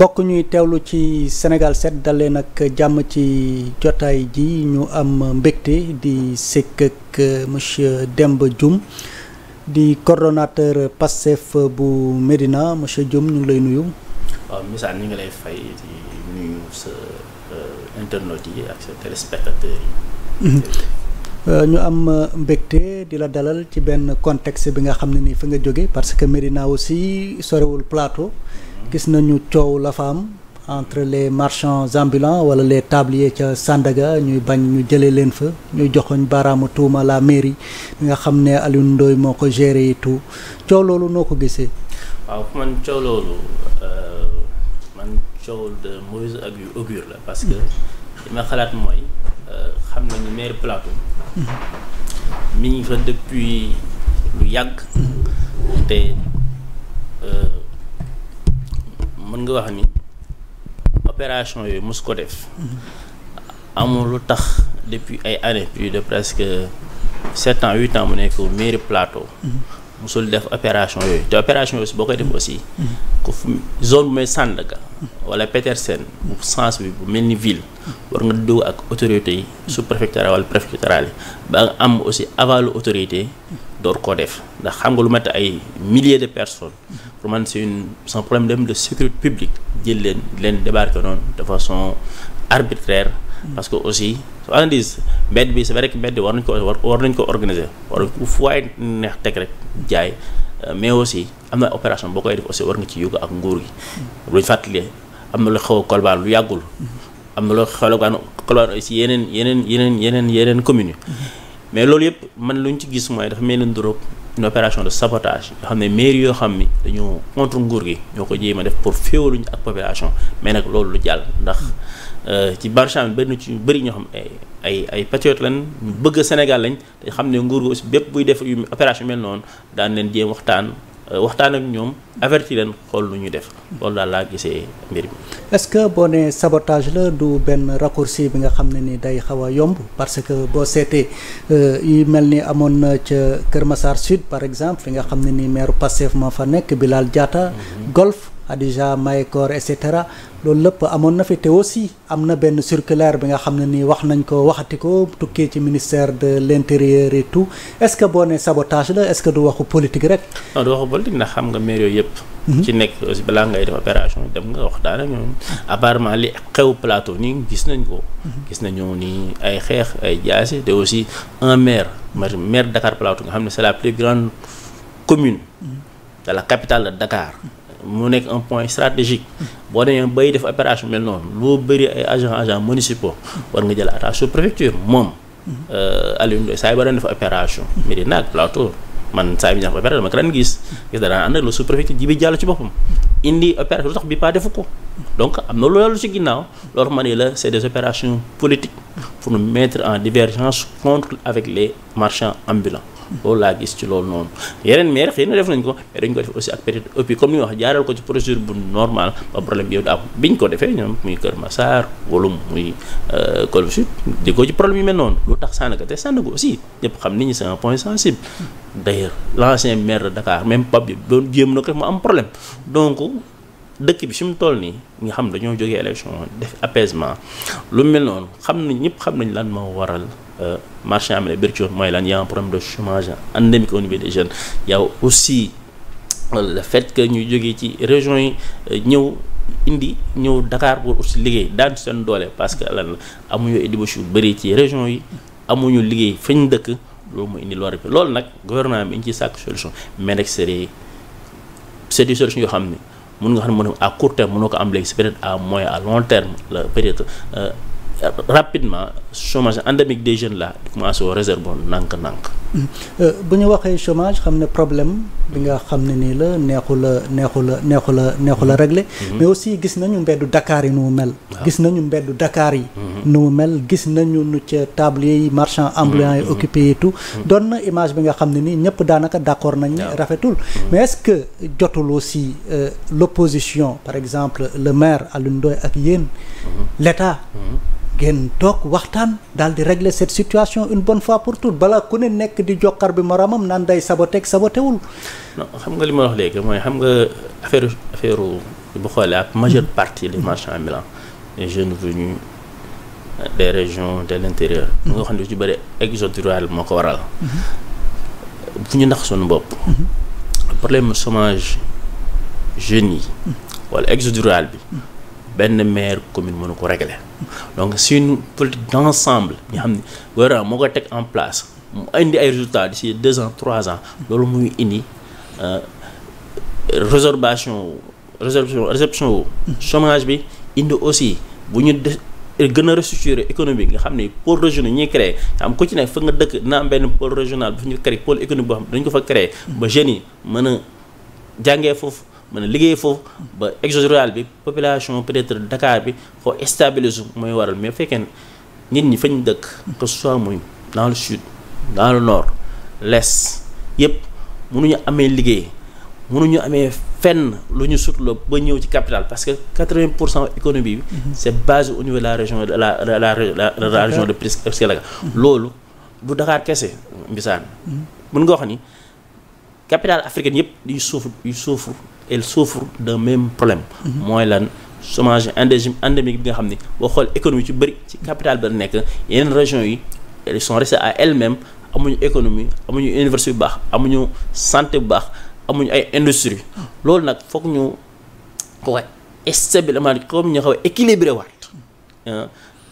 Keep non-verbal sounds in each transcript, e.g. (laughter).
mbokk ñuy teewlu ci Sénégal 7 dalee nag jàmm ci jotaay ji ñu am mbégte di sekk ak euh, monsieur Demba jum di coordonnateur Pastef bu Médina monsieur Dioum ñu ngi lay nuyu. waaw ñu ngi lay fay di euh, yi mhm. euh, ñu am mbégte di la dalal ci benn contexte bi nga xam ne ni fi nga jóge parce que Médina aussi sorewul plateau. gis nañu coow la fa am entre les marchands ambulants wala les tabliers ca Sandaga ñuy bañ ñu jële leen fa ñu joxoñ baaraamu tuuma la mairie nga xam ne Alioune Ndoye moo ko géré yi tout coow loolu noo ko gisee. waaw man coow loolu euh, man coow de mauvaise augure la parce que li ma xalaat mooy euh, xam nañu maire Plateau. Mm-hmm. mi ngi fa depuis lu yàgg mm-hmm. euh, mën nga wax ni opération yooyu mos ko def amul lu tax depuis ay années plus de presque sept ans huit ans mu nekk mairie plateau sul def opération yooyu te opération yooyu boo koy def aussi ku zone bu may Sandaga wala Petersen bu sens bi bu mel ni ville war nga dugg ak autorités yi sous préfectorale wala préfectorale yi ba nga am aussi avalu autorité door koo def ndax xam nga lu mat ay milliers de personnes pour man c'est une c'est un problème de sécurité publique jël leen leen débarqué noonu de façon arbitraire mm. parce que aussi su analyse mbedd bi c'est vrai que mbedd war nañ ko war nañ ko organiser war fu waay neex euh, am na opération boo koy def aussi war nga ci yóbbu ak nguur gi mm. luñ fàttalee am na lu xew a lu yàggul mm. am na lu xew a Colobane aussi yeneen yeneen yeneen yeneen yeneen communes yi mais loolu yëpp man luñ ci gis mooy dafa mel ni une opération de sabotage yoo xam ne mairie yoo xam ni dañoo contre nguur gi ñoo ko jéem a def pour féewaluñu ak population mais nag loolu lu jàll ndax euh, ci barcham benn ci bëri ñoo xam ay ay ay patriote lañ ñu bëgg Sénégal lañ te xam ne nguur gi aussi bépp buy def opération mel noonu daan leen jéem waxtaan Euh, waxtaan ñoom averti leen xool lu ñuy def loolu daal laa gisee mbir mi. est-ce que boo nee sabotage la du benn raccourci bi nga xam ne ni day xaw a yomb parce que boo seetee euh, yu mel ni amoon na ca Kër Massar Sud par exemple fi nga xam ne ni maire Pastef moo fa nekk bi laal jaata mhm. Golf. Adija Mahécor et cetera loolu lépp amoon na fi te aussi am na benn circulaire bi nga xam ne nii wax nañ ko waxati ko tukkee ci ministère de l' intérieur et tout est ce que boo nee sabotage la est ce que du waxu politique rek. non du waxu politique ndax xam nga maire yooyu yëpp. Mhm. ci nekk aussi balaa ngay def opération dem nga wax daana ñoom mhm. apparemment li xew plateau nii gis nañ ko. Mhm. gis nañu nii ay xeex ay jaase te aussi un maire maire Dakar plateau nga xam ne c' est la plus grande commune. de la capitale Dakar. mu nekk un point stratégique boo demee bay def opération mel noonu loo bëri ay agent agent municipaux war nga jël attache préfecture moom euh, Alioune Ndoye saa yi ba daan def opération Médina ak Plateau man saa yi bi ñu opération dama ko daan gis gis préfecture ji bi jàll ci boppam indi opération lu tax bi pas defu ko donc am na loolu ci ginnaaw loolu la c'est des opérations politiques pour nous mettre en divergence contre avec les marchands ambulants loolu laa gis ci loolu noonu yeneen maire xëy na def nañ ko mais dañ ko def aussi ak petite ëppi comme ni nga wax jaaral ko ci procédure bu normal ba problème bi yow daa biñ ko defee ñoom muy Kër Massar Woloum muy Golf euh, Sud di ko ci problème yi mel noonu lu tax Sandaga te ko aussi ñëpp xam ni ñu c'est un point sensible d'ailleurs l'ancien maire de Dakar même Pape bi doon jéem na ko mu am problème donc dëkk bi fi mu toll nii nga xam dañoo jógee élection def apaisement lu mel noonu xam nañ ñëpp xam nañ lan moo waral Euh, marché am na ouverture mooy lan y' a un problème de chômage endémique au niveau des jeunes y' a aussi euh, le fait que ñu jógee ci régions yi euh, ñëw. indi ñëw Dakar pour aussi liggéey daan seen doole parce que lan la amuñu ay yu bëri ci région yi amuñu liggéey fañ dëkk loolu mu indi loolu loolu nag gouvernement bi ñu ciy sàkk solution mais nag c'est c'est des solutions yoo xam ne mun nga xam ne mën a à court terme mënoo ko am léegi c'est peut à moyen à long terme la peut rapidement chômage endémique des jeunes là commencé au réserve nànk-nànk euh, bu ñu waxee chômage xam ne problème bi nga xam ne nii la neexu la neexu la neexu la neexu la réglé mhm. mais aussi gis nañu mbeddu dakaar yi nu mu mel gis nañu mbeddu Dakar yi mhm. nu mu mel gis nañu nu ca tablier yi marchand ambulant yi mhm. occupé yi tout doon na image bi nga xam ne nii ñëpp daanaka d'accord nañ ne rafetul mais est-ce que jotul aussi euh, l'opposition par exemple le maire Alioune Ndoye ak yéen l'état ngeen toog waxtaan daal di régler cette situation une bonne fois pour tout balaa ku ne nekk di jokkar bi moroomam naan day saboteeg sabotewul non xam nga li ma wax léegi mooy xam nga affaire affaire bu xoolee ak majeure hmm. partie des marchands ambulants les jeunes venus des régions de l'intérieur mu hmm. nga xam ne ci bëri exode rural moo ko waral bu hmm. ñu nax suñu bopp problème chômage jeunes yi wala exode bi benn maire commune mënu ko régler donc c'est une politique d'ensemble ñu xam ne moo ko teg en place mu indi ay résultats d'ici deux ans trois ans loolu muy indi euh, résorbation résorption résorption wu chômage bi indi aussi bu ñu de gën a restructurer économique nga xam ne pôle régional ñuy créé am ku ci nekk dëkk na benn pôle régional bu ñu créé pôle économique boo xam dañ ko fa créé ba jeunes yi mën a jàngee foofu mën a liggéey foofu ba exode rural bi population peut-être Dakar bi foo stabiliser mooy waral mais fekkee nit ñi fañ dëkk que ce soit muy dans le sud dans le nord l'est yëpp mënuñu amee liggéey mënuñu amee fenn lu ñu sutloo ba ñëw ci capital parce que quatre-vingt pour cent économie bi mhm. c'est basé au niveau de la région de la la la région de Presqu'Île loolu du Dakar kese mbisaan mhm. mën nga wax ni capitale africaine yëpp di souffre di souffre elle souffre de même problème mhm. mooy lan chômage endémique bi nga xam ne boo xool économie ci bëri ci capital ba nekk yeneen région yi elles sont restées à elles-mêmes amuñu économie amuñu université bu baax amuñu santé bu baax amuñu ay industrie loolu nag foog ñu ko wax stablement comme ñu xaw a équilibré waat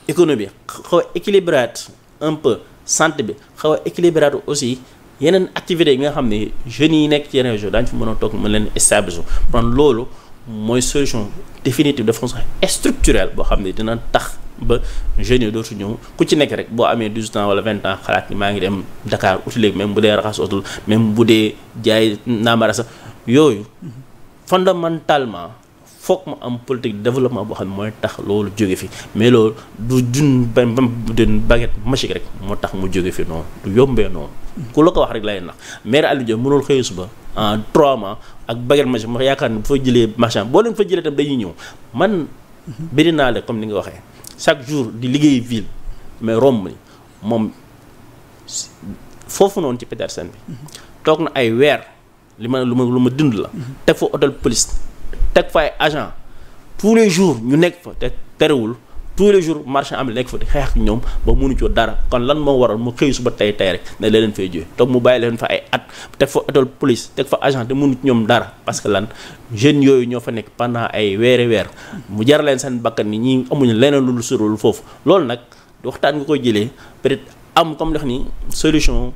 économie xaw santé bi xaw a équilibré waat aussi yeneen activités yi nga xam ne jeunes yi nekk ci yeneen région daañu fi mën a toog mën leen stabiliser kon loolu mooy solution définitive de façon structurelle boo xam ne dina tax ba jeunes doo dootu ñëw ku ci nekk rek boo amee 18 ans wala vingt temps xalaat ni maa ngi dem Dakar uti léegi bu dee raxas otul même bu dee jaay naamara sax yooyu fondamentalement foog ma am politique développement boo xam ne mooy tax loolu jóge fi mais loolu du dun benn bagget machie rek moo tax mu jóge fi noonu du yombee noonu. ku la ko wax rek lay nax maire Aliou Dia mënul xëy suba en 3 mois ak baguette magique ma yaakaar ne bu fa jëlee marchand boo leen fa jëlee tam dañuy ñëw man. bëri naa la comme ni nga waxee chaque jour di liggéey ville mais romb moom foofu noonu ci Petersen bi. Mhm. toog na ay weer li ma lu ma lu ma dund la. Mhm. teg fa hôtel teg fa ay agent tous les jours ñu nekk fa te terewul tous les jours marchand am nekk fa di xeex ak ñoom ba mënu coo dara kon lan moo waral mu xëy suba tey tey rek ne leen fay jógee toog mu bàyyi leen fa ay at teg fa étoile police teg fa agent te mënu ci ñoom dara parce que lan jeunes yooyu ñoo fa nekk pendant ay weeri weer mu jar leen seen bakkan ni ñi amuñu leneen lu surul foofu loolu nag waxtaan nga koy jëlee peut-être am comme li ni solution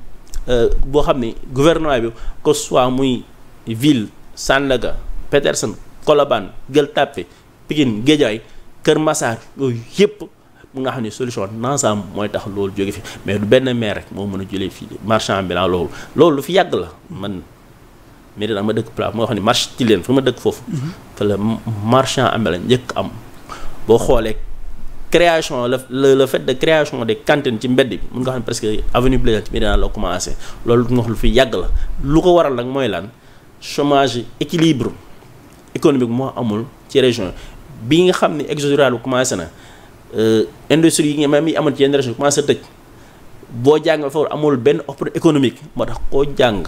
euh, boo xam ne gouvernement bi que muy ville Sandaga Petersen Colobane gël Tapée Pikine Guédiawaye Kër Massar yooyu yëpp mu nga xam ne solution d'ensemble mooy tax loolu jóge fi mais du benn maire rek moo mën a julee fii marchand bi la loolu lu fi yàgg la man mais dina ma dëkk place moo xam ne marché ci leen fa ma dëkk foofu mhm. la marchand ambulant njëkk am boo xoolee création la le le fait de création ci mbedd bi mun nga xam ne presque avenue Blaise ci Médina la commencé loolu nga wax lu fi yàgg la lu ko waral nag mooy lan chômage équilibre économique moo amul ci région bi nga xam ne exode rural commencé na euh, industrie yi nga même yi amoon ci yenn région commencé tëj boo jàng fa amul benn opportunité économique moo tax koo jàng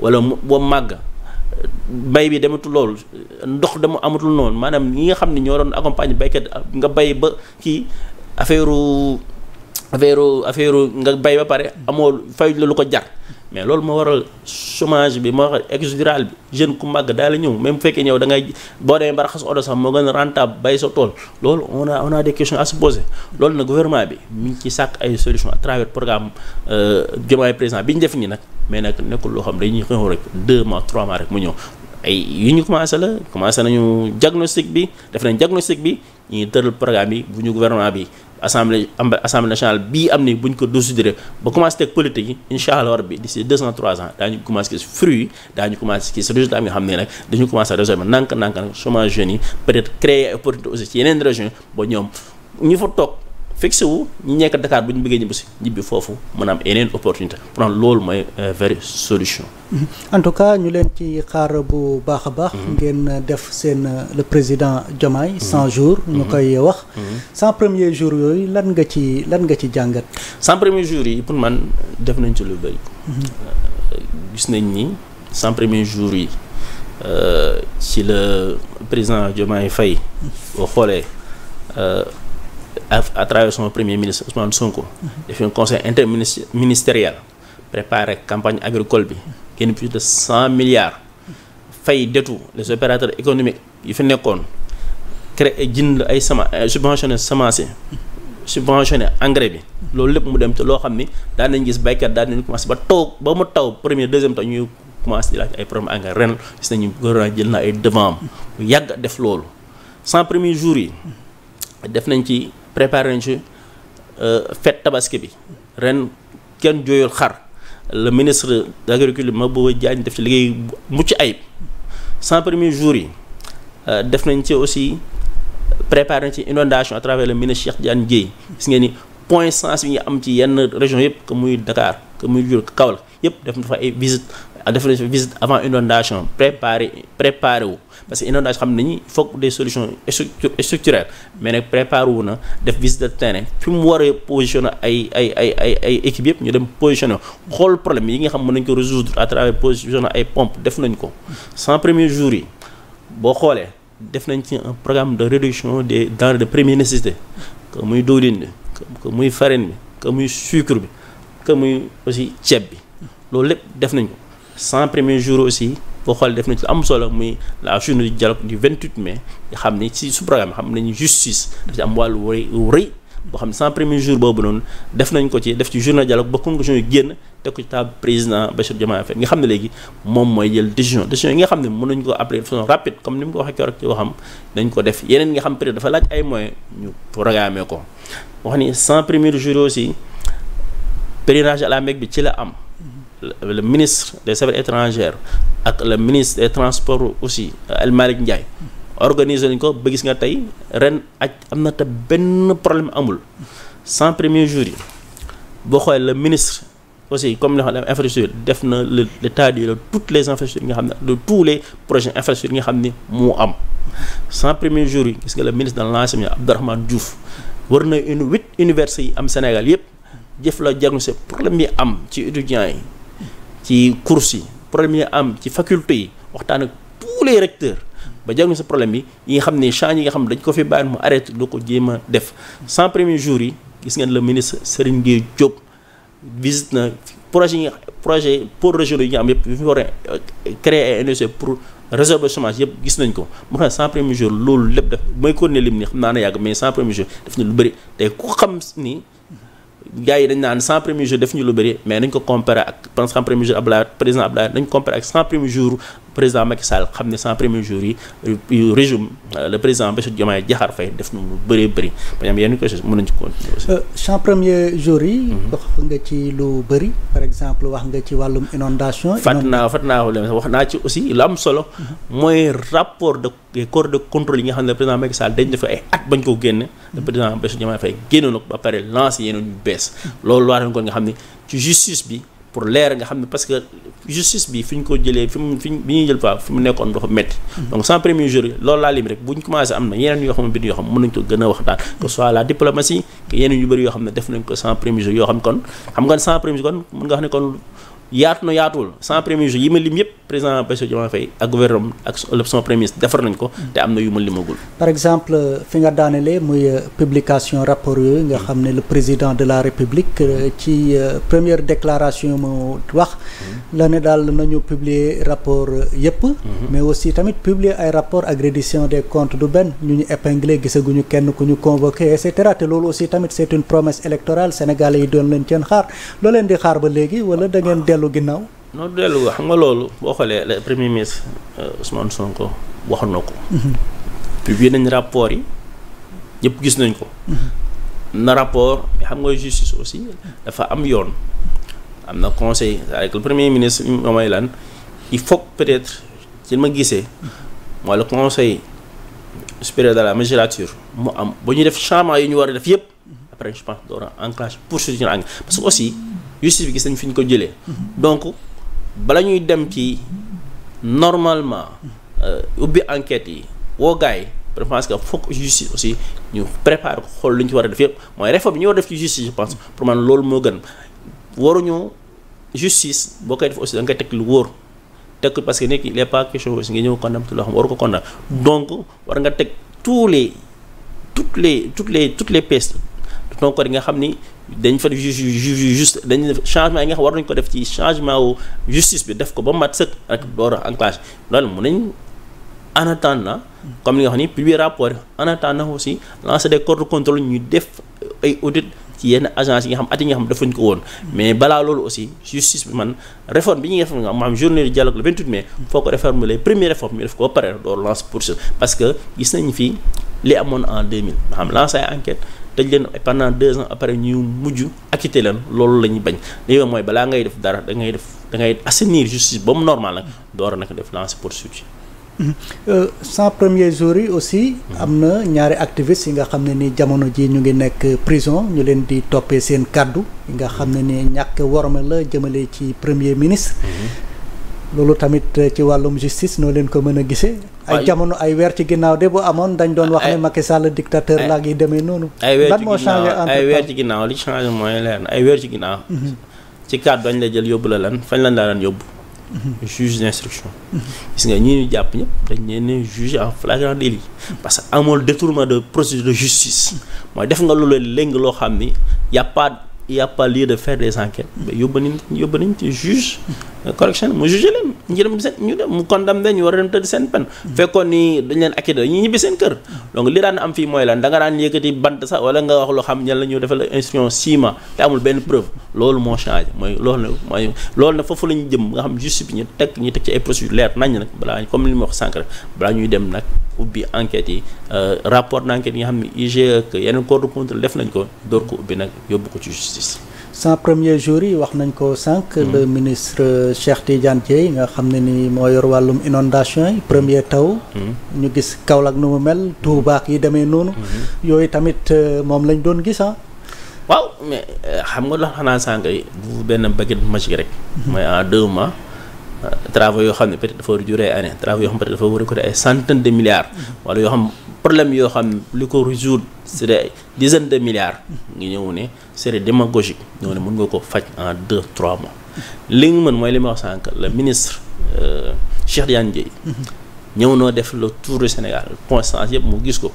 wala boo màgg bay bi dematul loolu ndox dama amatul noonu maanaam ñi nga xam ni ñoo doon accompagner baykat nga bay ba kii affaire affaire affaire nga bay ba pare amoo fay la lu ko jar mais loolu moo waral chômage bi moo wax exodural bi jeune ku màgg daal la ñëw même bu fekkee ñëw da ngay boo demee ba raxas oto sax moo gën a bay sa tool loolu on a on a des questions à loolu nag gouvernement bi mi ngi ci sàkk ay solutions à travers programme euh, Diomaye président bi ñu def nii nag mais nag nekkul loo xam ne dañuy xëw rek 2 mois 3 mois rek mu ñëw ay yu ñu commencé la commencé nañu diagnostic bi def nañ diagnostic bi ñuy tëral programme bi bu ñu gouvernement bi. assemblée assemblée nationale bii am ni buñ ko décidé ba commencé teg politique yi incha allah rabbi d'ici deux ans trois ans daañu commencé gis fruit yi daañu commencé gis résultat bi nga xam ne nag dañu commencé résoudre nank nank nag chômage jeunes yi peut être créer opportunité aussi yeneen région ba ñoom ñu fa toog. fixé wu ñu nekk Dakar bu ñu bëggee ñibbi si ñibbi foofu mën a am yeneen opportunité pour am loolu mooy euh, vraie solution. Mm-hmm. en tout cas ñu leen ci xaar bu baax a baax. Mm-hmm. ngeen def seen euh, le président Diomaye. Mm-hmm. cent jours ñu koy wax. 100 premier jours yooyu lan nga ci lan nga ci jàngat. 100 premiers jours yi pour man def nañ ci lu bëri. Euh, gis nañ ni 100 premiers jours yi ci le président Diomaye Faye boo xoolee. à travers son premier ministre Ousmane Sonko. def un conseil interministériel préparer campagne agricole bi génn plus de cent milliards fay detu les opérateurs économiques yu fi nekkoon créé jënd ay sama euh, subventionné semence subventionné engrais bi loolu lépp mu dem te loo xam ni daan nañ gis baykat daan nañ commencé ba taw ba mu taw premier deuxième taw ñuy commencé ay problème engrais ren gis nañu gouvernement jël na ay devant am yàgg def loolu cent premiers jours préparé nañ ci euh, fête tabaski bi ren kenn jooyul xar le ministre de l'agriculture Mabouba Diagne def ci liggéey mucc ayib cent premiers jours yi euh, def nañ ci aussi préparé nañ ci inondation à travers le ministre Cheikh Diagne Dièye gis ngeen ni point sens yi nga am ci yenn région yëpp que muy Dakar que muy Diourbel Kaolack yëpp def na fa ay visite def nañ visite avant inondation préparer préparer wu parce que inondation xam nañu foog des solution structurelles mais nag préparer wu na def visite de terrain fi mu waree positionner ay ay ay ay ay équipe yëpp ñu dem positionner xool problème yi nga xam mën nañ ko résoudre à travers positionner ay pompe def nañ ko cent premiers jours yi boo xoolee def nañ ci un programme de réduction des denrées de première nécessité que muy diwlin bi que muy farine bi que muy sucre bi que muy aussi ceeb bi loolu lépp def nañ cent premiers jours aussi boo xool def na ci am solo muy la journée du dialogue du 28 mai nga xam ne ci su programme xam nañu justice daf ci am wàllu wëy rëy xam ne cent boobu noonu def nañ ko ci def ci journée dialogue ba conclusion yu génn teg ko ci table président Bassirou Diomaye Faye nga xam ne léegi moom mooy jël décision décision yi nga xam ne mun nañ ko appeler de façon rapide comme ni mu ko waxee keroog ci waxam dañ ko def yeneen nga xam peut-être dafa laaj ay moyens ñu programmer ko wax ni cent premiers jours aussi la Mecque bi ci la am le ministre des affaires étrangères ak le ministre des transport aussi El Malick Ndiaye organiser nañ ko ba gis nga tey ren ak am na te benn problème amul cent premiers jours yi boo xoolee le ministre aussi comme li nga xam ne infrastructure def na le l'état du toutes les infrastructures nga xam ne de tous les projets infrastructures yi nga xam ni moo am cent premiers jour yi gis nga le ministre de l'enseignement Abdourahmane Diouf war na une huit universités yi am Sénégal yëpp jëf la diagnostic problème yi am ci étudiants yi ci course yi problème yi am ci faculté yi waxtaan ak tous les recteurs ba jàng sa problème bi yi nga xam ne change yi nga xam ne dañ ko fi bàyyi mu arrêté doo ko jéem a def cent premiers jours yi gis ngeen le ministre Serigne Gueye Diop visite na projet yi projet pour région yi ñu am yëpp yu fi war a euh, créer ay industrie pour résorber chômage yëpp gis nañ ko mu xam cent premiers jours loolu lépp def mooy continuer lim ni xam naa na yàgg mais cent premiers jours def na lu gars yi dañ naan cent premiers jours def ñu lu bëri mais nañ ko comparer ak cent premiers jours Abdoulaye président Abdoulaye dañ ko comparer ak cent premiers jours président Macky Sall xam ne sans premier jour yi régime euh, le président Bassirou Diomaye Diakhar Faye def na bëree bëri par exemple euh, mhm. wax nga ci lu bëri par exemple wax nga ci wàllum inondation. fàtt naa fàtt naa wax naa ci aussi lu mooy rapport de corps yi nga xam ne président Macky Sall dañ def ay at bañ ko génne. le président Bassirou Diomaye Faye génnoon na ko ba pare lancé yeneen yu bees. Mhm. loolu laa nga xam ne ci justice bi. pour leer nga xam ne parce que justice bi fi ñu ko jëlee fi mu fi ñuy jël fa fi mu nekkoon dafa métti mhm. donc sans premier jury loolu laa lim rek bu ñu commencé am na yeneen yoo xam ne bind yoo xam ne mën nañ ko gën a waxtaan que soit la diplomatie que yeneen yu bëri yoo xam ne def nañ ko sans premier jury yoo xam kon xam nga sans premier jury kon mën nga xam ne kon yaatu na yaatuwul sans premier jury yi ma lim yëpp président Bassirou Diomaye Faye ak gouvernement ak son premier ministre defar nañ ko mm. te am na yu ma limagul par exemple fi nga daanelee muy euh, publication rapport yooyu nga mm. xam ne le président de la république euh, mm. ci euh, première déclaration mu wax la ne daal nañu publier rapport yëpp mm-hmm. mais aussi tamit publier ay rapport ak reddition des comptes du benn ñu ñu épinglé ñu kenn ku ñu convoqué et cetera te loolu aussi tamit c'est une promesse électorale sénégalais yi doon leen seen xaar leen di xaar ba léegi wala da ngeen ah. dellu ginnaaw non dellu xam nga loolu boo xoolee le premier ministre euh, Ousmane Sonko wax na ko. Mhm. publié nañ rapport yi ñëpp gis nañ ko. Mhm. na rapport mais xam nga justice aussi dafa am yoon. am na conseil avec le premier ministre lan il faut peut-être ci ma gisee mooy conseil supérieur de la magistrature mu am ba ñu def changement yi ñu war a def yëpp après je pense door a enclenché poursuivre parce que aussi justice bi gis nañ fi ñu ko jëlee mhm. bala ñuy dem ci normalement euh, ubbi enquêtes yi woo gaay je pense que fokk justice aussi ñu prépare ko xool lu ñu ci war a def yëpp mooy réforme bi war a def ci justice je pense pour man loolu moo gën waruñu justice boo koy def aussi da nga teg lu wóor teg parce que nit ki il est pas question aussi nga ñëw condamné loo xam waru ko condamné donc war nga teg tous les toutes les toutes les toutes les pistes encore yi nga xam ni dañ fa juste dañ changement yi nga xam war nañ ko def ci changement wu justice bi def ko ba mat sëkk rek door a enclenché loolu mun nañ en attendant comme li nga xam ni publier rapport en attendant aussi lancer des corps de contrôle ñu def ay ci yenn agence yi nga xam at yi nga xam defuñ ko woon mais balaa loolu aussi justice man réforme bi ñu def nga maanaam journée du dialogue le 28 foo ko réforme les premières réformes ñu def ko ba pare door parce que gis nañ fi li amoon en 2000 maanaam lancer ay enquête tëj leen pendant deux ans après ñuy mujj acquitté leen loolu la ñuy bañ léegi mooy balaa ngay def dara dangay def dangay ngay justice ba mu normal nag door a nag def lancer poursuite mhm. euh, sans premier jour yi aussi am na ñaari activistes yi nga xam ne ni jamono ji ñu ngi nekk prison ñu leen di toppee seen kàddu nga xam ne ni ñàkk warma la jëmalee ci premier ministre mhm. loolu tamit eh, ci wàllum justice noo leen ko mën a gisee. ay jamono ay weer ci ginnaaw de bu amoon dañ doon wax ne Macky Sall dictateur laa ngi demee noonu. lan ay weer ci ginnaaw li changé mooy leer na ay weer ci ginnaaw. Mhm. ci kàddu dañ la jël yóbbu la lan fañ lañ laa daan yóbbu. Mhm. juge d'instruction. Mhm. gis nga ñi ñu jàpp ñëpp dañ leen juge en flagrant délit parce que amul détournement de procédure de justice. mooy def nga lu leen loo xam ni y' il y a pas de faire des enquêtes mais yóbbu nañ yóbbu nañ ci juge euh, correction mu ñu dem seen mu condamné ñu war a dem tëdd seen peine hmm. fekkoon ni dañ leen acquitté ñu ñibbi seen kër donc li daan am fii mooy lan da nga daan yëkkati bant sax wala nga wax loo xam ñan la ñu defal instruction six te amul benn preuve loolu moo changé mooy lool na mooy loolu na foofu la ñu jëm nga xam justice bi ñu teg ñu teg ci ay procédures leer nañ nag balaa comme li ma wax sànq balaa ñuy dem nag ubbi enquêtes yi euh, rapport d' enquête yi nga xam ne IGE ak yeneen corps de def nañ ko door ko ubbi nag yóbbu ko ci justice. sans premier jour yi wax nañ ko sànq. Hmm. le ministre Cheikh Tidiane Dièye nga xam ne ni moo yor wàllum inondation yi premier taw. Hmm. ñu gis Kaolack nu mu mel. Touba yi demee noonu. Hmm. yooyu tamit euh, moom lañ doon gisa ah. waaw mais euh, xam nga la xanaa sànq yi bu benn baguette magique rek. mooy en deux mois. travaux yoo xam ne peut-être dafa war a juree année travaux yoo xam peut-être dafa war a coûter ay centaines de milliards wala yoo xam problème yoo xam li ko résoudre c'est des dizaines de milliards ngi ñëw ne c'est démagogique ñëw ne mën nga ko faj en deux trois mois li nga mën mooy li ma wax sànq le ministre euh, Cheikh Diagne Ndiaye ñëw noo def le tour du Sénégal point sens yëpp mu gis ko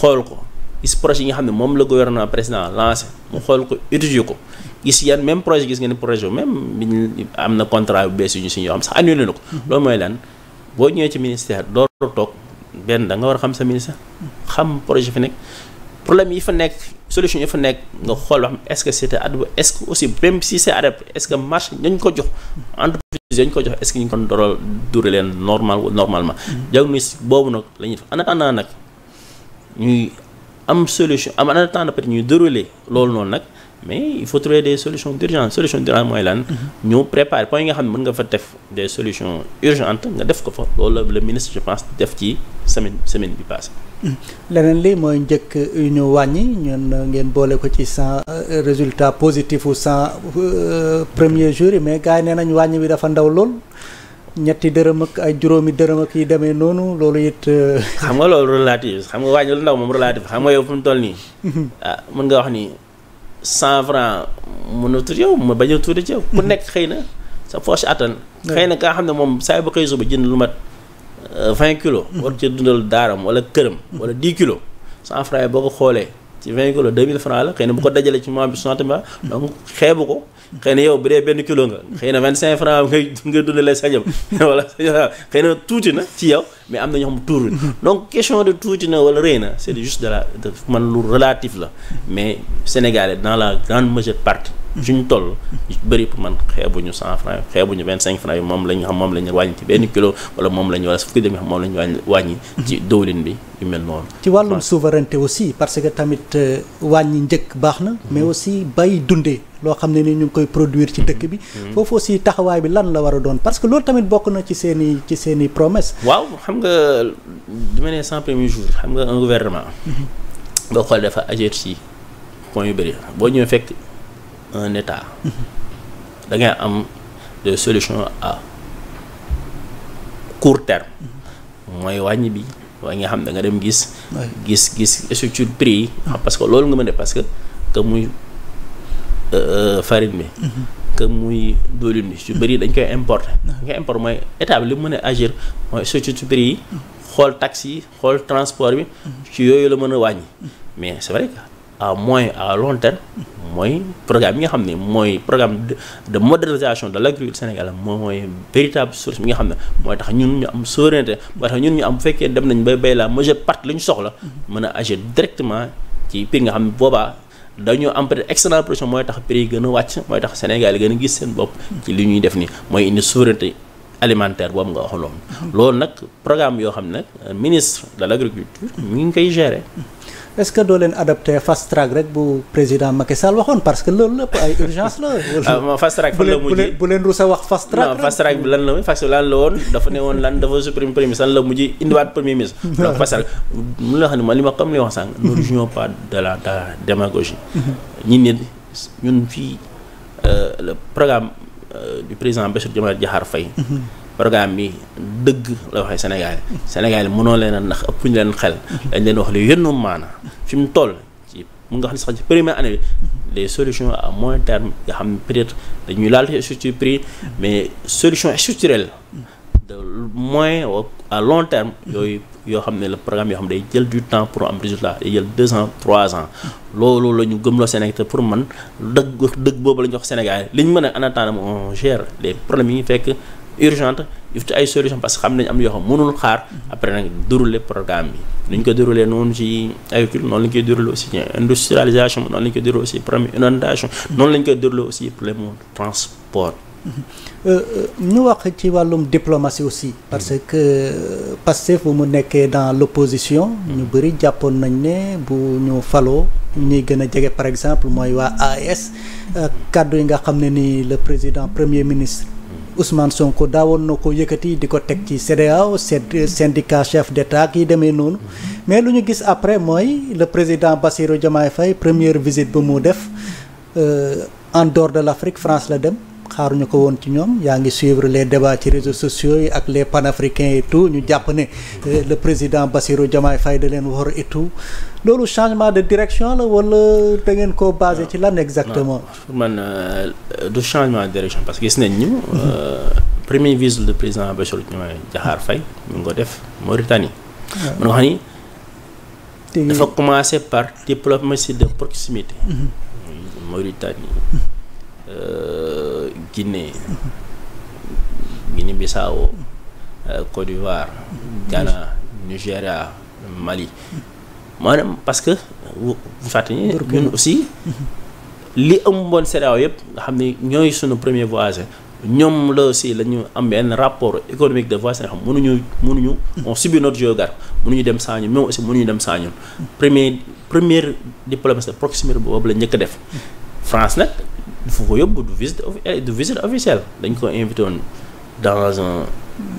xool ko is projet yi nga xam ne moom la gouvernement président lancé mu xool ko étudier ko gis yan même projet gis ngeen projet même biñ am na contrat bu bees yu ñu suñu am sax annulé na ko. Mhm. loolu mooy lan boo ñëwee ci ministère door toog benn da nga war a xam xam projet fi nekk problème yi fa nekk solution yi fa nekk nga xool est-ce que c'était adapté est aussi même si c'est adapté ko jox. dañ ko jox est-ce que ñu ngi ko doral duré leen normal normalement. Mhm. diagnostic boobu nag la ñuy def en attendant nag ñuy am solution am en attendant peut-être ñuy déroulé loolu noonu nag. mais il faut trouver des solution d'urgence solution d'urgence mooy lan. Mm-hmm. ñu préparer point yi nga xam ne mën nga fa def des solution urgentes nga def ko fa loolu le ministre je pense def ci semaine semaine bi passée. Mm-hmm. leneen li mooy njëkk yu ñu wàññi ñun ngeen boole ko ci cent euh, résultat positifs ou cent euh, premier jours yi mais gars yi nee nañ wàññi bi dafa ndaw lool. ñetti dërëm ak ay juróomi dërëm ak yi demee noonu loolu it. Euh, (laughs) xam nga loolu relative xam nga wàññi lu ndaw moom relative xam nga yow fu mu nii. (laughs) ah mën nga wax nii. cent franc mu na tur yow ma bañ a tuuri ci yow. ku mhm. nekk xëy na sa poche attan. xëy na kaa xam ne moom saa ba xëy suba jënd lu mat euh, vingt kilos. Mhm. war ci dundal daaram wala këram. Mhm. wala dix kilos cent franc yi boo ko xoolee ci vingt kilos deux mille franc la xëy na bu ko dajalee ci mois bi soixante mille donc xeebu ko. xëy na yow bu dee benn kilo nga xëy na vingt cinq franc (laughs) ngay nga dundalee sa ñam (laughs) wala xëy tuuti na ci yow mais am na ñoo xam tuuru (laughs) donc question de tuuti na wala rëy na c'est juste de la man lu relatif la mais Sénégalais dans la grande majeure partie fi ñu toll ñu bëri pour man xeebuñu cent franc xeebuñu vingt cinq franc yi moom la ñu xam moom la ñu wàññi ci benn kilo wala moom la ñu wala fukki dërëm xam moom la ñu wàññi ci dëwlin bi yu mel noonu ci wàllum souveraineté aussi parce que tamit euh, wàññi njëkk baax na mais mhm. aussi bay dundee loo xam ne ni ñu ngi koy produire ci dëkk bi mhm. foofu aussi taxawaay bi lan la war a doon parce que loolu tamit bokk na ci seen ci seen i promesse waaw xam nga dama ne cent premier jour xam nga un gouvernement mhm. boo xool dafa agir ci yu bëri boo ñëwee fekk un état da ngay am des solutions à court terme mooy wàññi bi waaye nga xam da nga dem gis gis gis structure prix yi ah. parce que loolu nga mën a parce que que muy euh, euh, farine bi mhm. que muy doolin bi su bëri dañ koy importe dañ koy importer mooy état bi li mu mën a agir mooy structure prix yi mhm. xool taxes yi xool transport bi mhm. ci yooyu la mën a wàññi mais c'est vrai à moyen à long terme mooy programme yi nga xam ne mooy programme de modernisation de l'agriculture sénégalaise mooy véritable source bi nga xam ne mooy tax ñun ñu am souveraineté mooy tax ñun ñu am bu fekkee dem nañ ba bay la majeure partie la ñu soxla mën a agir directement ci prix nga xam ne boobaa dañoo am peut pression mooy tax prix yi gën a wàcc mooy tax Sénégal yi gën a gis seen bopp ci li ñuy def nii mooy indi souveraineté alimentaire boobu nga wax loolu nag programme yoo xam ne ministre de l'agriculture mi ngi koy gérer est ce que doo leen adopté fast track rek bu président Macky Sall waxoon parce que loolu nëpp ay urgence la. (laughs) ah track fan la mujj bu leen rusa wax fast track. non bi lan la muy fast lan la woon dafa ne woon lan dafa supprimer premier ministre lan la mujj indiwaat premier ministre. (laughs) donc track mu la xam ne man li ma comme li wax sànq. nous pas de la de la (laughs) ñi nit ñun fii euh, le programme euh, du président Bassirou Diomaye Diakhar programme bi dëgg la waxee Sénégal Sénégal mënoo leen a ndax ëpp ñu leen xel dañ leen wax lu yënnu maana fi mu toll ci mu nga xam ne sax ci première année bi les à moyen terme nga xam ne peut-être dañuy laal ci structure mais solution structurelle de moyen à long terme yooyu yoo xam ne le programme yoo xam ne day jël du temps pour am résultat day jël deux ans trois ans loolu la ñu gëmloo Sénégal te pour man dëgg dëgg boobu la ñu wax Sénégal li ñu mën a en attendant on gère les problèmes yi ñu fekk urgente ay solution parce que xam nañ am yoo xam mënul xaar après nag dérouler programme bi nu ñu ko dérouler noonu ci agriculture noonu la ñu koy dérouler aussi ci industrialisation noonu la ñu koy dérouler aussi problème inondation noonu la ñu koy dérouler aussi problème transport euh, euh, ñu wax ci wàllum diplomatie aussi parce que Pastef bu mu nekkee dans l'opposition ñu bëri jàppoon nañ ne bu ñu faloo ñuy gën a jege par exemple mooy waa AES euh, kàddu yi nga xam ne nii le président premier ministre Ousmane Sonko daawoon na ko yëkkati di ko teg ci CEDEAO syndicat chef d'état kii demee noonu mais lu ñu gis après mooy le président Bassirou Diomaye Faye première visite bu mu def euh, en dehors de l'Afrique France la dem xaaruñu ko woon ci ñoom yaa ngi suivre les débats ci réseaux sociaux yi ak les panafricains yi tout ñu jàpp ne euh, le président Bassirou Diomaye Faye da leen war et tout loolu changement de direction la wala da ngeen koo basé ci lan exactement man euh, du changement de direction parce que gis nañ ñu euh, premier vice le président Bassirou Diomaye Diakhar Faye mu ngi ko def Mauritanie mun nga xam ni dafa de proximité mhm. Mauritanie mhm. Euh, Guinée Guinée Bissau euh, Côte d'Ivoire Ghana Nigéria Mali maanaam parce que bu fàtte ni ñun aussi li ëmboon CEDEAO yëpp nga xam ne ñooy sunu premier voisin ñoom la si la am benn rapport économique de voisin xam mënuñu mënuñu on subit notre géographie mënuñu dem saa ñun même aussi mënuñu dem saa ñun premier première diplomatie de proximité boobu la njëkk def France nag fu ko yóbbu du visite eh, du visite officielle dañ ko invité woon dans un.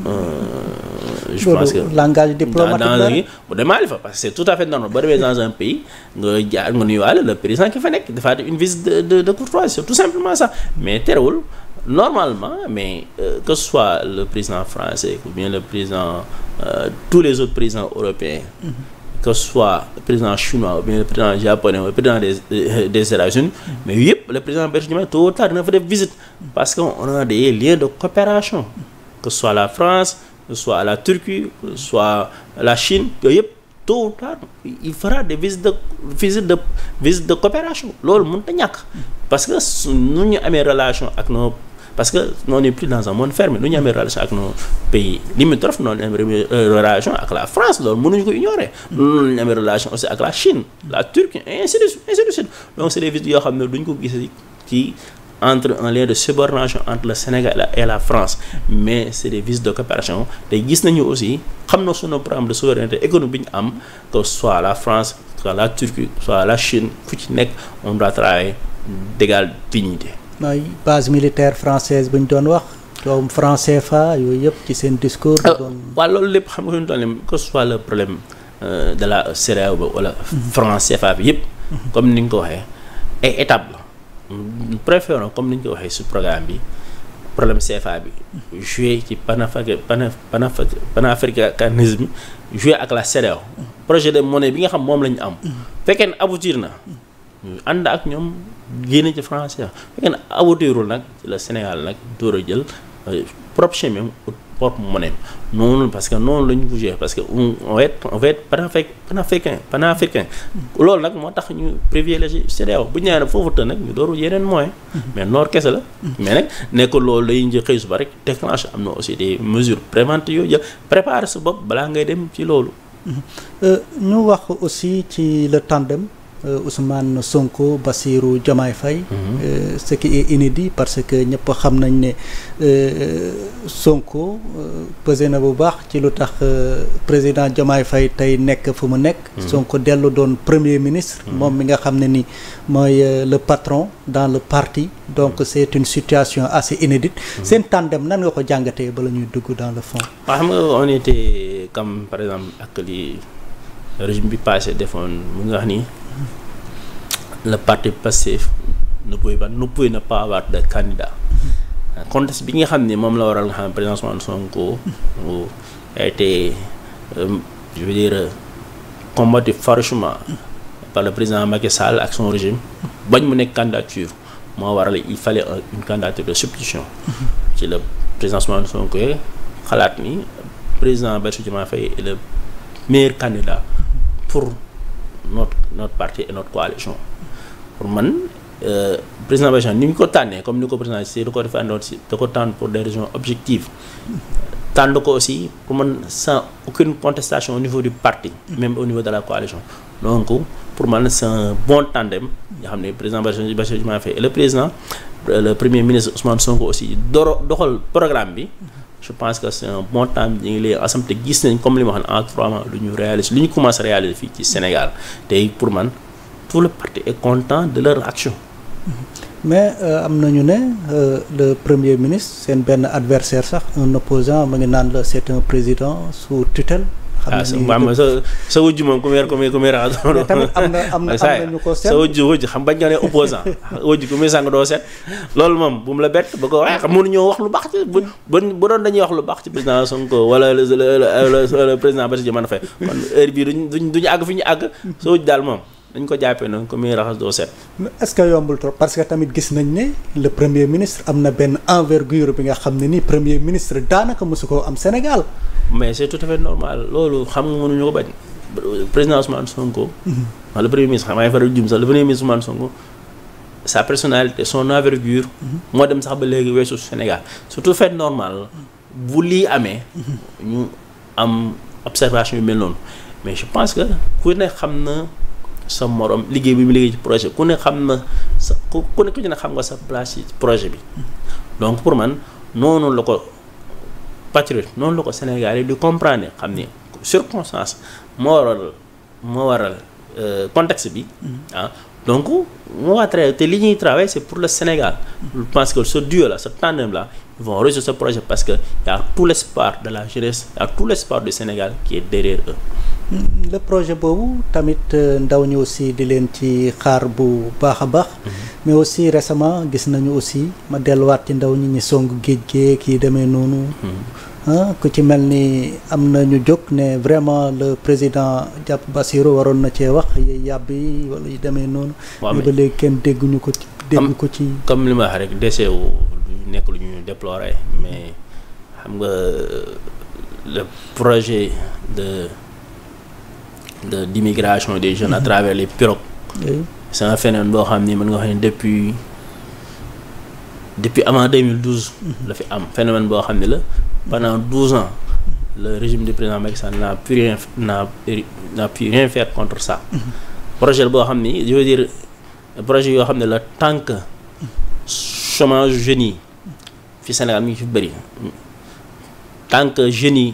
Euh, je pense que langage diplomatique bu demaale fa parce que tout à fait normal boo demee dans un pays nga jaar nga nuyuwaale le président ki fa nekk defaat une visite de de de courtoisie c'est tout simplement ça mais terewul normalement mais euh, que soit le président français ou bien le président euh, tous les autres présidents européens. Mm-hmm. que ce soit le président chinois ou bien le président japonais ou le président des euh, des États-Unis mais yëpp le président bertuniman tôt ou tard na fa def visite parce que on a des liens de coopération que ce soit la France que soit la Turquie que ce soit la Chine yooyu yëpp tôt ou tard il fera des visites de visites de visites de coopération loolu mën ta ñàkk parce que nu ñu amee relation ak no parce que on n'est plus dans un monde fermé lu ñu amee relation ak nos pays limitrophes noonu la ñu amee relation ak la France loolu mënuñu ko ignorer. loolu la ñu amee relation ak la Chine la Turquie et ainsi de donc c'est yoo xam ne duñ ko gis ci. entre un lien de subordination entre le Sénégal et la France mais c'est des vices de coopération te gis nañu aussi xam na sunu programme de souveraineté économique bi ñu am que soit la France soit la Turquie soit la Chine ci nekk on doit travailler mooy base militaire française bu ñu doon wax doom franc CFA yooyu yëpp ci seen discours. Euh, doon waaw loolu lépp xam nga ñu doon ne que ce soit le problème euh, de la CEDEAO ba wala. Mhm. franc CFA bi yëpp. Mhm. comme ni nga ko waxee ay étape la. nous comme ni ñu ko waxee su programme bi problème CFA bi. jouer ci panafrica panafricanisme jouer ak la CEDEAO projet de monnaie bi nga xam moom la am. Mhm. fekkee ne aboutir na. ñu ànd ak ñoom génne ci France ya fekkee ne aboutirul nag ci la Sénégal nag door a jël euh, propre chemin propre monnaie noonu parce que noonu la ñu bougé parce que on va être on va être panafricain panafricain loolu nag moo tax ñu privilégié CEDEAO bu ñaar nee foofu te nag ñu dooru yeneen mooy mm-hmm. mais noor kese la mais nag nekk loolu day një xëy suba rek déclenche am na aussi des mesures préventives yooyu jël préparer sa bopp balaa ngay dem ci loolu mm-hmm. euh, ñu wax aussi ci le tandem Euh, Ousmane Sonko Bassirou Diomaye fay mhm. euh, ce qui est inédit parce que ñëpp xam nañ ne euh, Sonko pesé na bu baax ci lu tax président Diomaye fay tey nekk fu mu nekk mhm. Sonko dellu doon premier ministre mhm. moom mi nga xam ne ni mooy le patron dans le parti donc c'est une situation assez inédite seen dem nan nga ko jàngatee ba la ñuy dugg dans le fond waaw xam comme par exemple ak li régime bi passé defoon mu nga wax nii le parti Pastef ne pouvait pas ne pouvait na pas avoir de candidat contexte bi nga xam ne moom la waral nga xam ne président Ousmane Sonko a été euh, je veux dire combattu farouchement par le président Macky Sall ak son régime bañ mu nekk candidature moo waral il fallait une candidature de substitution ci le président Ousmane Sonko xalaat ni président Bassirou Diomaye Faye est le candidat pour notre notre parti et notre coalition pour man euh, président Bachchan ni ñu ko tànnee comme ni ko président si da ko defee àndoon si da ko tànn pour des raisons objectives tànn ko aussi pour man sans aucune contestation au niveau du parti même au niveau de la coalition donc pour man c'est un bon tandem nga xam ne président Bassirou Diomaye Faye et le président le premier ministre Ousmane Sonko aussi doro doxal programme bi je pense que c'est un bon temps ñu ngi lay asam te gis nañ comme li ma lu ñu réaliser lu ñu commencé réaliser fii ci Sénégal tey pour man tout le parti est content de leur action mm-hmm. mais euh, am na ñu ne euh, le premier ministre seen benn adversaire sax un opposant mu ngi naan la c'est président sous tutelle ah, nga ni sa sa wujj moom ku meer ku meer ku meer (laughs) tamit am na na (laughs) sa wujj wujj xam bañ nga ne opposant (laughs) wujj ku muy sàng doo seet loolu moom bu mu la bett ba ko waaye ah, xam mënuñoo wax lu baax ci bu bu doon dañuy wax lu baax ci président Sonko wala le président Bassirou Diomaye Faye kon heure bii duñ duñ àgg fi ñu àgg sa wujj daal dañ ko jàppee noonu ko muy raxas doo set. est-ce que yombul trop parce que tamit gis nañ ne le premier ministre am na benn envergure bi nga xam ne ni premier ministre daanaka mosu koo am Sénégal. mais c'est tout à fait normal loolu xam nga mënuñu ko bañ mhm. jum sax le premier ministre mhm. moo dem sax ba léegi weesu Sénégal surtout fait normal bu lii amee. Mhm. ñu am observation yu mel noonu mais je pense que ku ne xam na. sa moroom liggéey bi mu liggéey ci projet ku ne xam na sa ku ne ku ci ne xam nga sa place ci projet bi donc pour man noonu la ko patriote noonu la ko Sénégal yi di comprendre xam ni circonstance moo waral moo waral euh, contexte bi mm-hmm. ah donc moo waa travailler te li ñuy travailler c'est pour le Sénégal je pense que ce duo là ce tandem là ils vont réussir ce projet parce que y a tout l'espoir de la jeunesse y a tout l'espoir du Sénégal qui est derrière eux le projet boobu tamit euh, ndaw ñi aussi di leen ci xaar bu baax a baax. Mhm. mais aussi récemment gis nañu aussi ma delluwaat ci ndaw ñi ñi song géej géej kii demee noonu. Mhm. ku ci mel ni am na ñu jóg ne vraiment le président jàpp Bassirou waroon na cee wax yéen yàbb yi wala yu demee noonu. waaw ba léegi kenn dégguñu ko ci. dégg ko ci comme li ma wax rek déchet wu nekk lu ñu déplorer mais xam nga euh, le projet de d'immigration des jeunes à mhm. travers les pirogues. c'est un phénomène boo xam ni mën nga xam ne depuis depuis avant 2012. Mhm. la fi am phénomène boo xam ne la pendant douze ans le régime du président Macky Sall n'a plus rien n'a n'a pu rien faire contre ça. Mhm. projet boo xam ni je veux dire projet yoo xam ne la tant que chômage jeunes yi fi Sénégal mi ngi fi bëri tant que jeunes yi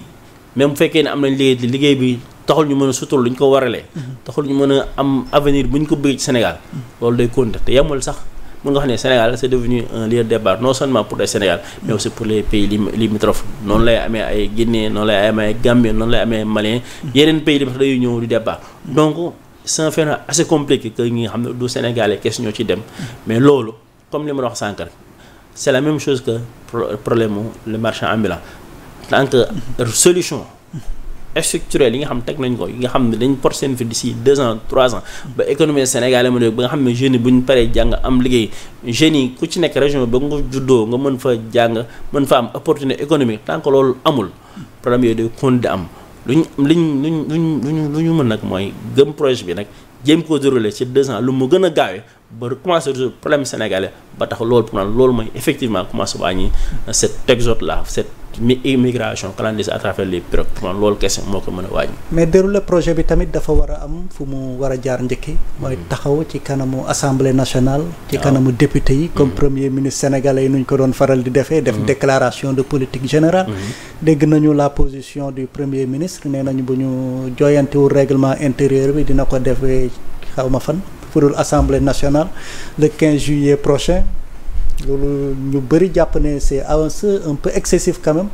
même bu fekkee ne am nañ liggéey liggéey bi. taxul ñu mën a sutur lu ñu ko warale mm-hmm. taxul ñu mën a am avenir bu ñu ko bëggee ci Sénégal. Mm-hmm. loolu day compter te yemul sax mun nga xam ne Sénégal c'est devenu un lieu de débat non seulement pour les Sénégal. Mm-hmm. mais aussi pour les pays limitrophes noonu lay amee ay Guinée noonu lay amee ay Gambie noonu lay amee malin yeneen pays limitrophes dañuy ñëw di débat donc c'est un phénomène assez compliqué que nga xam ne du Sénégalais kese ñoo ci dem mais loolu comme li ma wax sànq c'est même chose que problème mu le marchand ambulant tant que solution. structurel yi nga xam teg nañ ko yi nga xam ne dañ porte seen fi d'ici deux ans trois ans ba économie sénégalaise ba nga xam ne jeunes yi bu paree jàng am liggéey jeunes yi ku ci nekk région ba nga juddoo nga mën fa jàng mën fa am opportunité économique tant que loolu amul problème yooyu day kon di am luñ liñ luñ luñ luñu lu ñu lu ñu ñu mën nag mooy gëm projet bi nag jéem koo dérouler ci deux ans lu mu gën a gaawee ba recommencer résoudre problème sénégalais ba tax loolu loolu mooy effectivement commencé wàññi cet exode là cette immigration clandestine à travers les pour naan loolu kese moo ko mën a wàññi. mais déroulé projet bi tamit dafa war a am fu mu war a jaar njëkki mooy hmm. taxaw ci kanamu assemblée nationale. ci kanamu député yi. comme hmm. premier ministre sénégalais yi nu ñu ko doon faral di defee. def hmm. déclaration de politique générale. dégg nañu la position du premier ministre nee nañu bu ñu jooyantiwul règlement intérieur bi dina ko defee xaw ma fan. furul assemblée nationale le 15 juillet prochain loolu ñu bëri jàpp ne c'est avancé un peu excessif quand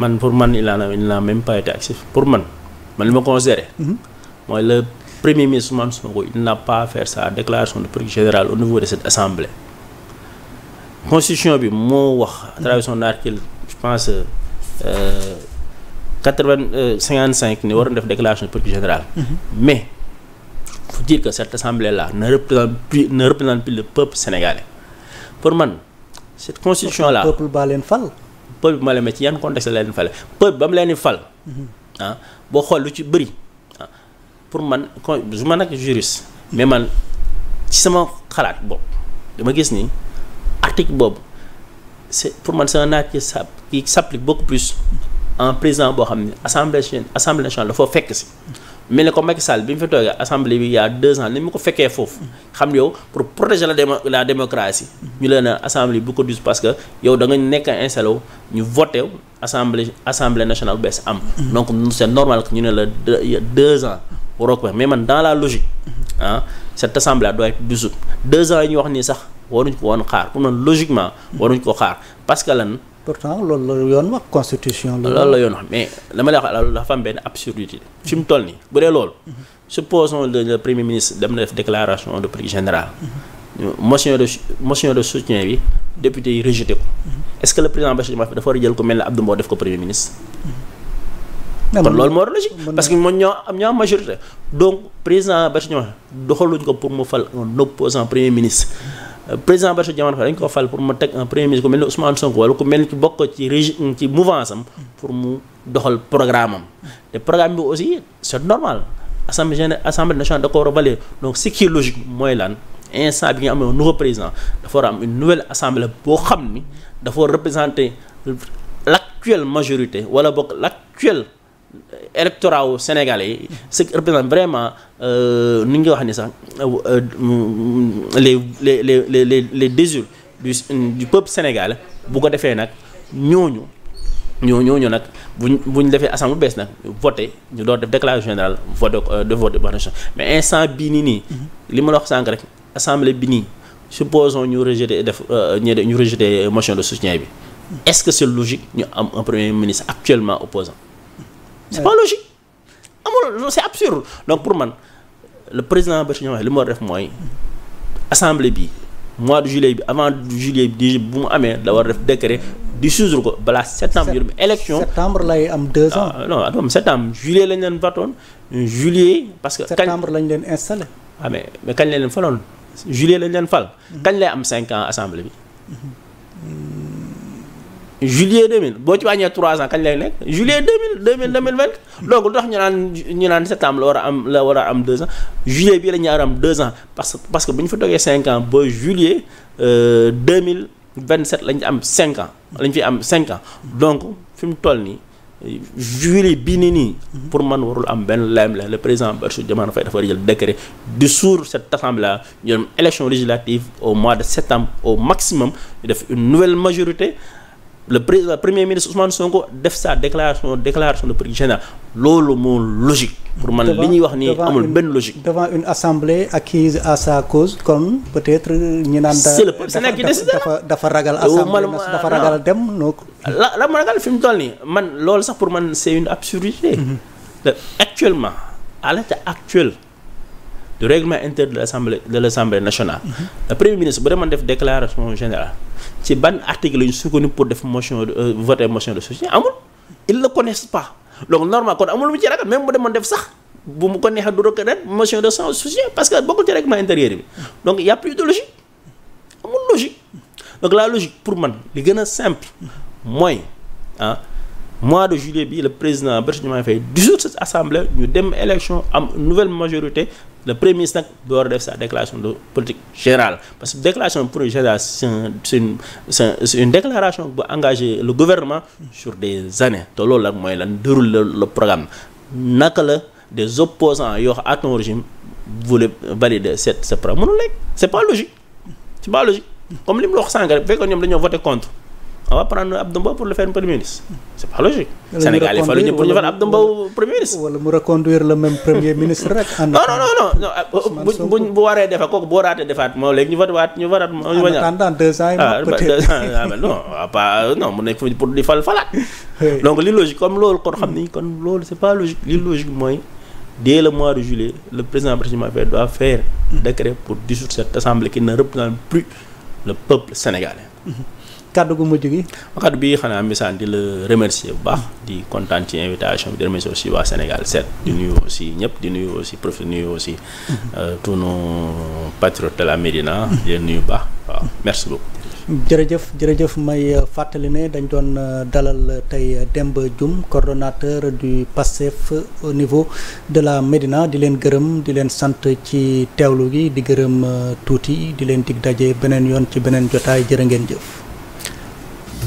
man pour man il n'a il n'a même pas été pour man man li ma considéré. Mhm. mooy le premier ministre Ousmane Sonko il n'a pas fait sa déclaration de politique générale au niveau de cette assemblée. constitution bi moo wax. à travers son article je pense quatre cinq ni waroon def déclaration de politique générale. Mhm. mais. faut dire que cette assemblée là ne représente plus ne représente plus le peuple sénégalais pour man cette constitution là peuple baa leen fal. peuple bi ma ci yan contexte la leen fal peuple ba mu leen di fal. Mhm. ah boo xool lu ci bëri ah, pour man con je man nag mais man ci sama xalaat bopp dama gis ni article boobu c'est pour man c'est un article qui s'applique beaucoup plus en président boo xam ne assemblée assemblée nationale dafa fekk si. mel ni ko Macky Sall bi mu fi toogee assemblée bi il deux ans ni mu ko fekkee foofu xam yow pour protéger la démo la démocratie ñu leen a assemblée bu ko dus parce que yow da nga nekk installé wu ñu voté assemblée assemblée nationale am. donc c'est normal que ñu ne la deux ans waroo mais man dans la logique ah cette assemblée doit être dissoute deux ans yi ñu wax nii sax waruñ ko woon xaar pour man logiquement waruñ ko xaar parce que lan. pourtant loolu la yoon wax constitution. loolu la yoon wax mais dama lay wax dafa am absurdité fi toll nii bu dee loolu. supposons le premier ministre dem na def déclaration de prix général. motion de motion de soutien bi député yi rejeté ko. est-ce que le président Bachir Diomaye dafa war a jël ko mel ne Abdou Mbow def ko premier ministre. kon loolu moo logique parce que moom ñoo am ñoo am majorité donc président Bachir Diomaye doxaluñ ko pour mu fal un opposant premier ministre. président Bassirou Diomaye Faye dañ ko fal pour ma teg un premier ministre ku mel ni Ousmane Sonko wala ku mel ni bokk ci régime ci mouvance am pour mu doxal programme am te programme bi aussi c'est normal assemblée générale assemblée nationale da ko war a valider donc ce mooy lan instant bi nga am un nouveau président dafa war am une nouvelle assemblée boo xam ni dafa war représenter l'actuelle majorité wala bokk l'actuelle électorat wu Sénégalais yi ce qui représente vraiment euh, nu ngi wax ni sax euh, les les les les les désirs du du peuple sénégalais bu ko defee nag ñooñu ñoo ñooñu nag buñ bu ñu defee assemblée bu bees nag voté ñu door def déclaration générale voté euh, de vote banation mais instant bii nii nii mhm. li ma wax sànq rek assemblée bi nii supposons ñu rejeté def ñu rejeté motion de soutien bi est-ce que c'est logique ñu am un premier ministre actuellement opposant c'est pas logique amul c'est absurde donc pour man le président Bassirou Diomaye li mu war def mooy assemblée bi mois de juillet bi avant juillet bi bu mu amee la war def décret di suusur ko balaa septembre yu élection septembre lay am deux ans ah, non am septembre juillet lañ leen vatoon juillet parce que septembre lañ leen installé waaw ah, kañ lañ leen faloon juillet lañ leen fal kañ lay am cinq ans assemblée bi mhm. juillet 2000 boo ci wàññee 3 ans kañ lay nekk juillet 2000 2000 2024 donc lu tax ñu naan ñu naan septembre la war a am la war a am 2 ans juillet bii la ñu war am 2 parce que parce que bu ñu fa toggee 5 ans ba juillet 2027 euh, lañ ci am 5 ans lañ fi am 5 ans donc fi mu toll nii. juillet bi nii nii. pour man warul am benn layam la le président Bassirou Diomaye Faye dafa jël décret du jour cette assemblée là ñu dem élection législative au mois de septembre au maximum def une nouvelle majorité. le président premier ministre Ousmane Sonko def sa déclaration déclaration de politique générale loolu moo logique. pour man li ñuy wax ni amul benn logique. devant une assemblée acquise à sa cause peut-être ñu naan. c'est le Sénégal qui décide dafa dafa ragal. assemblée dafa ragal dem noo la la ma fi mu toll nii man loolu sax pour man c'est une absurdité. Mhm. actuellement à l'état actuel. du règlement interne de de mhm. le premier ministre bu demoon def déclaration générale. ci ban article la ñu sukkandiku pour def motion de euh, voter motion de soutien amul ils le connaissent pas donc normal kon amul mu ci ragal même bu demoon def sax bu mu ko neexee du reconnaître motion de soutien parce que bokkul ci règlement intérieur bi donc y a plus de logique amul logique donc la logique pour man li gën a simple mooy ah, mois de juillet bi le président Bassirou Diomaye Faye dissout cette assemblée ñu dem élection am nouvelle majorité le premier ministre nag door def sa déclaration de politique générale parce que déclaration de politique générale c'est une c'est déclaration bu engager lu gouvernement sur des années te loolu lan mooy lan déroule le programme naka la des opposants yoo xam à ton régime voulaient valider cette ce programme mënul nekk c'est pas logique c'est pas logique comme li mu la wax sànq rek fekkoon ñoom on va prendre Abdou Mbow pour le faire premier ministre c' pas logique. Sénégal yi faluñu ñu fal Abdou Mbow premier ministre. wala mu reconduire le même premier ministre rek. non non non non bu bu waree defa kooku boo raatee defaat moo léegi ñu fa waat ñu warat ñu ah, bañ a. Ah, euh, pour di fal falaat. donc li logique comme loolu kon xam ni kon loolu c' est pas logique li logique mooy. dès le mois de juillet le président Bassirou Diomaye Faye doit faire mm-hmm. décret pour dissoudre cette assemblée qui kàddu gu mujj gi. kàddu bi xanaa misaan di la remercier bu baax di kontaan ci invitation bi di remercier aussi waa Sénégal 7 di nuyu aussi ñëpp di nuyu aussi prof di aussi euh, tous nos patriotes de la Médina. di leen nuyu baax waaw merci beaucoup. jërëjëf jërëjëf may fàttali ne dañ doon euh, dalal tey Demba jum coordonnateur du PASTEF au niveau de la Médina di leen gërëm di leen sant ci teewlu gi di gërëm euh, tuuti di leen dig daje beneen yoon ci beneen jotaay jërë ngeen jëf